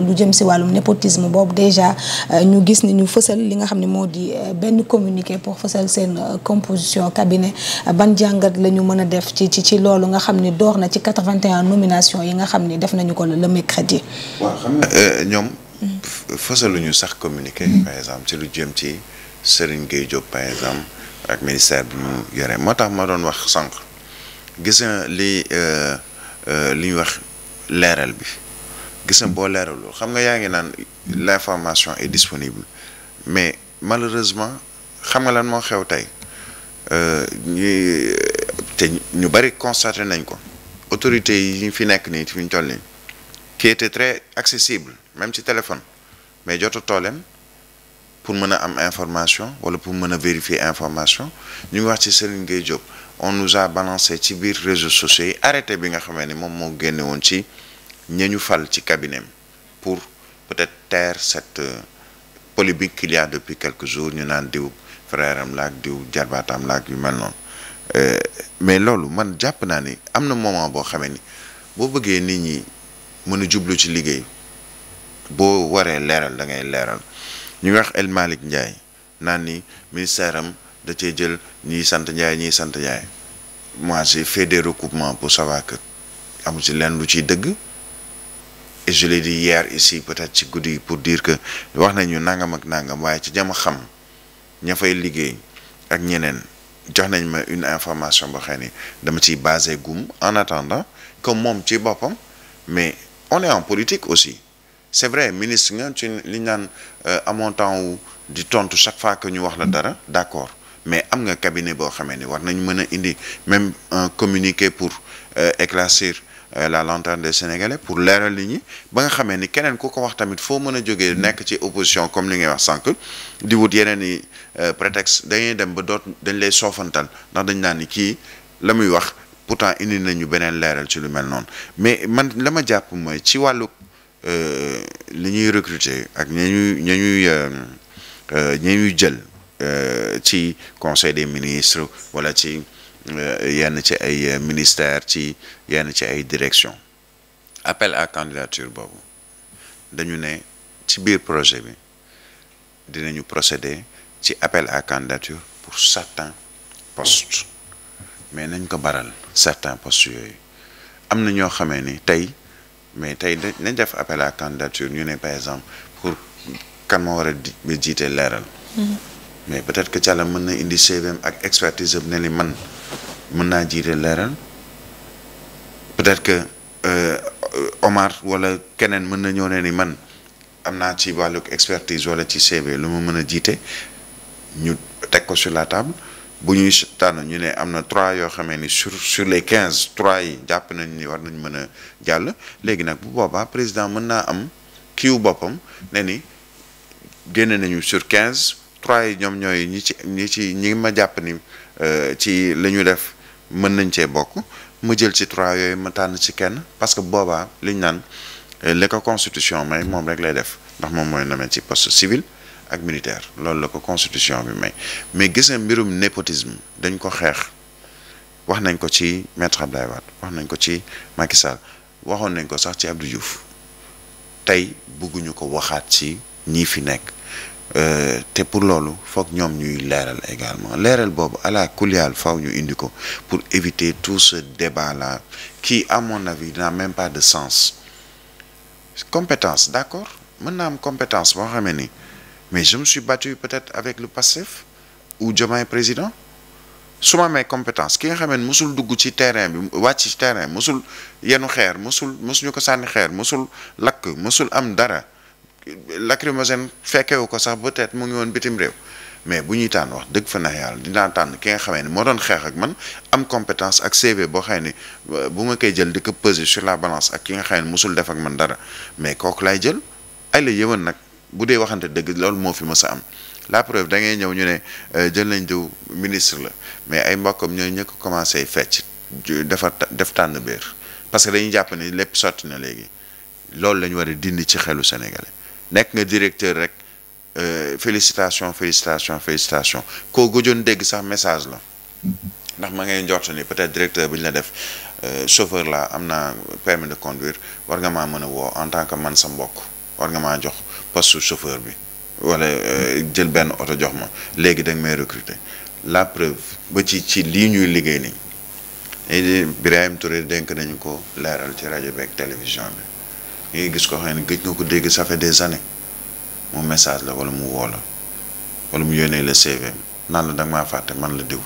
lu jëm si wàllum népotisme boobu déjà euh, ñu gis ni ñu fësal li nga xam ne moo di euh, benn communiqué pour fësal seen euh, composition cabinet ban jàngat la ñu mën a def ci ci ci loolu nga xam ni door na ci 81 nomination yi nga xam ni def nañu ko le mercredi. waaw xam nga ñoom. Mm. fësaluñu sax communiqué. Mm. par exemple ci lu jëm ci Serigne Gueye Diop par exemple ak ministère bi mu yore moo tax ma doon wax sànq gis li li ñu wax leeral bi. gis na boo leeralul xam nga yaa ngi naan l'information est disponible mais malheureusement xam nga lan moo xew tey euh, ñuy te ñu bëri constaté nañ ko autorités yi ñu fi nekk nii fi ñu toll nii qui était très accessible même ci téléphone mais jot a tooleem pour mën a am information wala pour mën a vérifier information ñu ngi wax ci Serigne Gueye Diop on nous a ci biir réseaux sociaux yi arrêté bi nga xamee ni moom moo génne woon ci. ña ñu fal ci cabinet pour peut-être taire cette euh, polémique qu'il y depuis quelque jour ñu naan diw frère am laak diw jarbaatam laak yu mel noonu euh, mais loolu man jàpp naa ni am na moment boo xamee ni boo bëggee nit ñi mën a jublu ci liggéey boo waree leeral da ngay leeral ñu ngi wax El Malick Ndiaye naa ni ministère am da cee jël ñiy sant Ndiaye ñuy sant Ndiaye moi j'ai fait des recoupements pour savoir que amu ci leen lu ciy dëgg et je l'ai dit hier peut-être ci guddi pour dire que wax nañu nangam ak nangam waaye ci jama xam ña fay liggéey ak ñeneen jox nañ ma une information boo xam dama ci basé gum en attendant comme moom ci boppam mais on est en politique aussi c'est vrai ministre nga ci li naan euh, amoon temps wu di tontu chaque fois que ñu wax la dara d'accord mais am nga cabinet boo xamee ni war nañ mën a indi même un communiqué pour euh, éclaircir Euh, la lanterne de sénégalais pour leeral li ñi ba nga xamee ni keneen ku ko wax tamit foo mën a jógee nekk ci opposition comme li ngay wax sànq di wut yeneen i euh, prétexte dañuy dem ba doot dañ lay soofantal ndax dañ naan ni kii la muy wax pourtant indi nañu beneen leeral ci lu mel noonu mais man la ma jàpp mooy ci wàllu euh, li ñuy recruter ak ña ñuy ña ñuy ña ñuy jël ci conseil des ministres walla ci Euh, yenn ci ay euh, ministères ci yenn ci ay directions appel à candidature boobu dañu ne ci biir projet bi dinañu procéder ci appel à candidature pour certains postes mais nañ ko baral certains postes yooyu am na ñoo xamee ni tey mais tey nañ def appel à candidature ñu ne par exemple pour kan moo war a jiite leeral mm-hmm. mais peut-être que Thiala mën na indi CV ak expertise am ne li man mën naa jiite leeral peut-être que euh, Omar wala keneen mën na ñëw ne ni man am naa ci wàllu expertise wala ci CV lu mu mën a jiite ñu teg ko sur la table bu ñuy tànn ñu ne am na trois yoo xamee ni sur sur les quinze trois yi jàpp nañ ni war nañ mën a jàll léegi nag bu boobaa président mën naa am kiiw boppam ne ni génne nañu sur quinze trois yi ñoom ñooy ñi ci ñi ci ñi ma jàpp ni euh, ci li ñu def mën nañ cee bokk ma jël ci trois yooyu ma tànn ci kenn parce que boobaa li naan eh, li ko constitution may moom rek lay def ndax moom mooy namee ci poste civil ak militaire loolu la ko constitution bi may mais gis nga mbirum népotisme dañ ko xeex wax nañ ko ci maître Abdoulaye Wade wax nañ ko ci Macky waxoon nañ ko sax ci Abdou Diouf tey bëgguñu ko waxaat ci ñii fi nekk Euh, te pour loolu foog ñoom ñuy leeral également leeral boobu ala kulial faw ñu indi ko pour éviter tout ce débat la qui à mon avis n'a même pas de sens compétence d'accord mën naa am compétence boo xamee ni mais je me suis battu peut-être avec le Pastef ou Diomaye président su ma amee compétence ki nga xamee ne mosul dugg ci terrain bi wàcc ci terrain mosul yenu xeer mosul mosuñu ko sànni xeer mosul lakk mosul am dara lacrymogène fekkewu ko sax peut-être mu ngi woon bitim réew mais bu ñuy tànn wax dëgg fa na yàlla dinaa tànn ki nga xamee ni moo doon xeex ak man am compétence ak CV boo xamee ni euh, bu ma koy jël di ko peser sur la balance ak ki nga xamee ni musul def ak man dara mais kooku laay jël ay la yëwan nag bu dee waxante dëgg loolu moo fi ma sa am la preuve da ngay ñëw ñu ne euh, jël nañ diw ministre la mais ay mbokkam ñooy ñëkk commencé fecc dafa def tànn biir parce que dañuy jàpp ni lépp sotti na léegi loolu la ñu war a dindi ci xelu sénégalais nekk nga directeur rek euh, félicitation félicitation félicitation koo gëjoon dégg sax message la ndax ma ngay njort ni peut-être directeur bi ñu la def euh, chauffeur la am na permis de conduire war nga maa mën a woo en tant que man sa mbokk war nga maa jox poste chauffeur bi wala euh, jël benn oto jox ma léegi da nga may recruter la preuve ba ci ci lii ñuy liggéey nii Birahim Touré denk nañu ko leeral ci rajo beeg télévision bi da ngay gis ko xam ne gëj nga ko dégg ça fait des années moom message la wala mu woo la wala mu yónnee la CV naan la da nga maa fàtte man la diw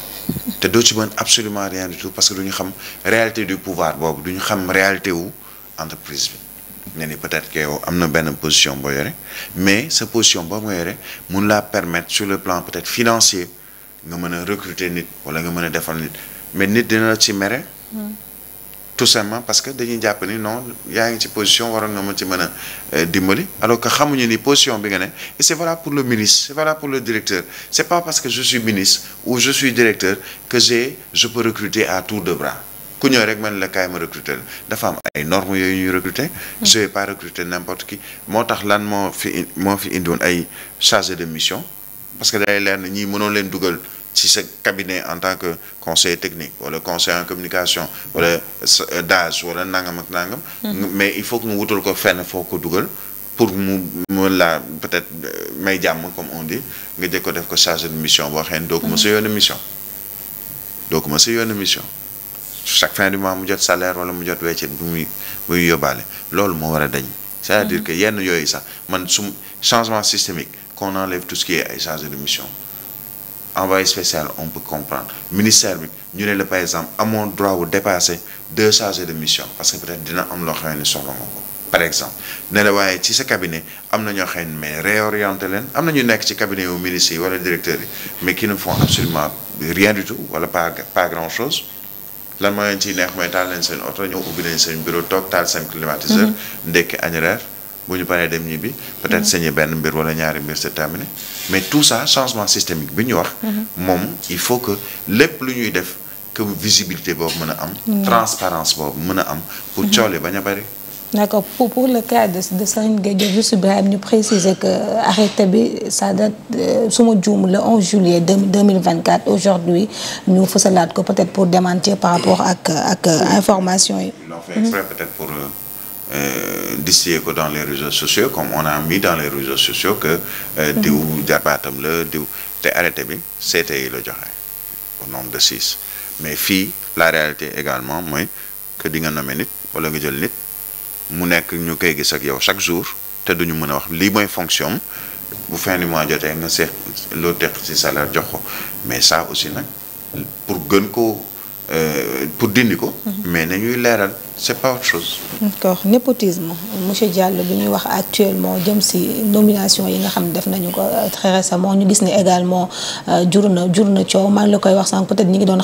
te doo ci mën absolument rien du tout parce que du ñu xam réalité du pouvoir boobu du ñu xam réalité wu entreprise bi. ne ni peut-être que am na benn position boo yore mais sa position ba nga yore mun laa permettre sur le plan peut-être financier nga mën a recruter nit wala nga mën a defal nit mais nit dina la ci mere. Hmm. tout simplement parce que dañuy jàpp ni non yaa ngi ci position waroon nga ma ci mën a euh, dimbali alors que xamuñu ni position bi nga ne et c'est valable pour le ministre c'est valable pour le directeur c'est pas parce que je suis ministre ou je suis directeur que j'ai je peux recruter à tout de bras ku ñëw rek man la kaay ma recruter dafa am ay normes yooyu ñuy recruter mm. je vais pas recruter n'importe qui moo tax lan moo fi moo fi indiwoon ay chargé de mission parce que day leer na ñii mënoo leen dugal ci sa cabinet en tant que conseil technique wala conseiller en communication wala euh, DAGE wala nangam ak nangam. Hmm. mais il faut que nga wutal ko fenn foo ko dugal pour mu mu la peut-être euh, may jàmm comme on dit nga jëkk ko def ko chargé de mission boo xam ne doo ko mës hmm. mission. doo ko mës a yoon mission chaque fin du mois mu jot salaire wala mu jot weccet bu muy bu muy yóbbaale loolu moo war a dañ. c'est-à-dire hmm. que yenn yooyu sax man su changement systémique qu'on enlève tout ce ay chargé de mission. envoyé spécial on peut comprendre ministère bi ñu ne la par exemple amoon droit wu dépasser deux chargés de mission parce que peut-être dina am loo xam ne soxla nga ko par exemple ne la waaye ci sa cabinet am na ñoo xam ne mais réorienté leen am na ñu nekk ci cabinet yu ministres yi wala directeur yi mais qui ne font absolument rien du tout wala pas pas grand chose lan moo leen ciy neex mooy taal leen seen oto ñëw ubbi leen seen bureau toog taal seen climatiseur mm-hmm. ndekki añ bu ñu paree dem ñibbi peut-être mm-hmm. sañe benn mbir wala ñaari mbir c'est terminé mais tout ça changement systémique bi ñu wax. Mm-hmm. moom il faut que lépp lu ñuy def que visibilité boobu mën a am. Mm-hmm. transparence boobu mën a am. pour coole bañ a bari. d'accord pour pour le cas de de Serigne Gueye juste Birahim ñu préciser que euh, arrêté bi ça date euh, suma juum le 11 juillet aujourd'hui ñu fësalaat ko peut-être pour démentir par rapport ak euh, information yi. Euh, distiller ko dans les réseaux sociaux comme on a mis dans les réseaux sociaux que euh, mhm. diw jarbaatam la diw te arrêté bi CTI la joxe au nombre de six mais fii la réalité également mooy que di nga nommer nit wala nga jël nit mu nekk ñu koy gis ak yow chaque jour te duñu mën a wax lii mooy fonction bu fin du mois jotee nga seet loo teq ci salaire jox ko mais ça aussi nag pour gën ko euh, pour dindi ko mhm. mais nañuy leeral c'est pas autre chose. népotisme monsieur Diallo bi ñuy wax actuellement jëm si nomination yi nga xam def nañu ko euh, très récemment ñu gis ne également euh, jur na jur na coow maa ngi koy wax sànq peut-être ñi ngi doon.